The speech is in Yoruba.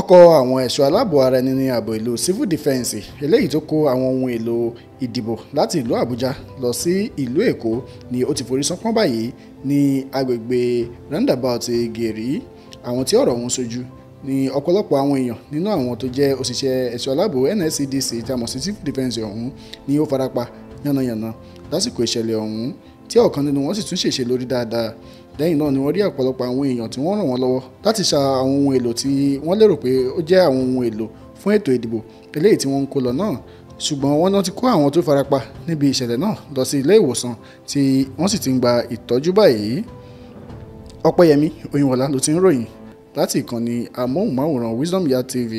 ọkọ̀ àwọn ẹ̀ṣọ́ aláàbò ara ẹni ní ààbò ìlú civil defence eléyìí tó kó àwọn ohun èlò ìdìbò láti ìlú àbújá lọ sí ìlú èkó ni ó ti forí sánpọ́n báyìí ní agbègbè roundabout gèrè àwọn tí ọ̀rọ̀ ọ̀hún sojú ni ọ̀pọ̀lọpọ̀ àwọn èèyàn nínú àwọn tó jẹ́ òṣìṣẹ́ ẹ̀ṣọ́ aláàbò nscdc tamọ̀ sí civil defence ọ̀hún ni ó farapa yánnayànna lásìkò ìṣẹ̀lẹ̀ ọ̀hún tí ọ̀kan nínú wọn sì tún ṣèṣe lórí dáadáa lẹ́yìn náà ni wọ́n rí ọ̀pọ̀lọpọ̀ àwọn èèyàn tí wọ́n ràn wọ́n lọ́wọ́ láti ṣa àwọn ohun èlò tí wọ́n lérò pé ó jẹ́ àwọn ohun èlò fún ètò ìdìbò eléyìí tí wọ́n ń kó lọ náà ṣùgbọ́n wọ́n náà ti kó àwọn tó farapa níbi ìṣẹ̀lẹ̀ náà lọ sí ilé ìwòsàn tí wọ́n sì ti ń gba ìtọ́jú báyìí ọpẹ́yẹmí oyinwọlá ló ti ń ròyìn láti ìkànnì amóhùnmáwòrán Wisdom Yard TV